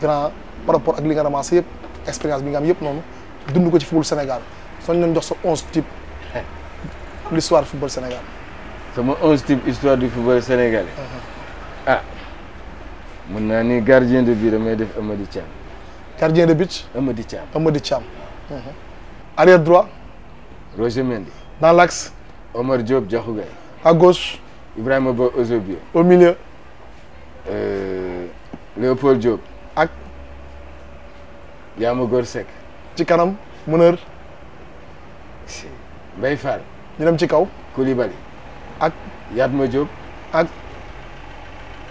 grand par rapport à l'expérience L'expérience ramassé yëpp expérience bi nga am dund football Sénégal Nous ñu 11 types sa l'histoire du football Sénégal. 11 11 type histoire du football sénégalais. Uh-huh. ah Je suis gardien de but je def Amady gardien de but. Amady Thiam Amady uh-huh. arrière droit. Roger Mendy. dans l'axe. Omar Diop Diakhou à gauche. Ibrahima Ozobio. au milieu. Euh, Léopold Diop. ak Yaama Góor Seck ci kanam Mënër Mbaye Fall ñu dem ci kaw Koulibaly ak Yatma Diop ak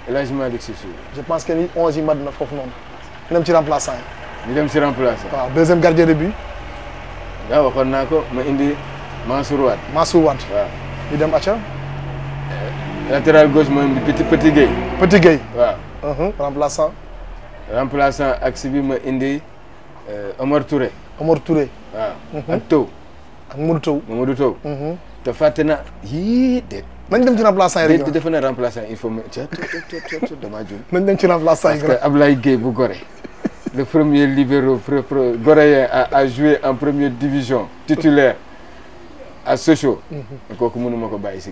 El Hadj Malick si suuf je pense que ni onze yi mat na foofu noonu ñu dem ci remplaçant yi ñu ci remplaçant waaw gardien de but waaw waxoon naa ko ma indi Mansour Wade Mansour Wade waaw ñu dem acca euh, latéral gauche Petit Petit Gueye Petit Gueye waaw uh-huh, remplaçant remplaçant Axibim indi euh, Omar Touré. Omar Touré. Mhm. ak un mhm. te tu na de. remplaçant rek il faut ma remplaçant Gueye le premier libéro goréen a joué en première division titulaire à Sochaux. Mhm. kooku mënuma ko ci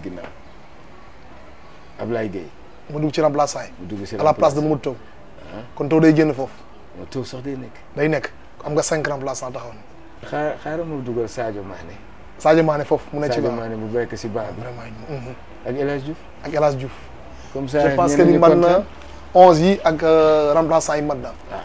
Ablaye Gueye. mu dugg ci remplaçant à la place de moto kon taw day génn foofu. sax day nekk. day am nga cinq remplaçant taxaw na. xaar xaaral ma dugal Sadio Mané. Sadio Mané foofu mu ne ci. Sadio Mané bu béykat si baax bi vraiment. Mhm. ak El Hadj ak El Hadj Diouf. comme ça je pense que ni onze yi ak euh, remplaçant yi mat na. Ah.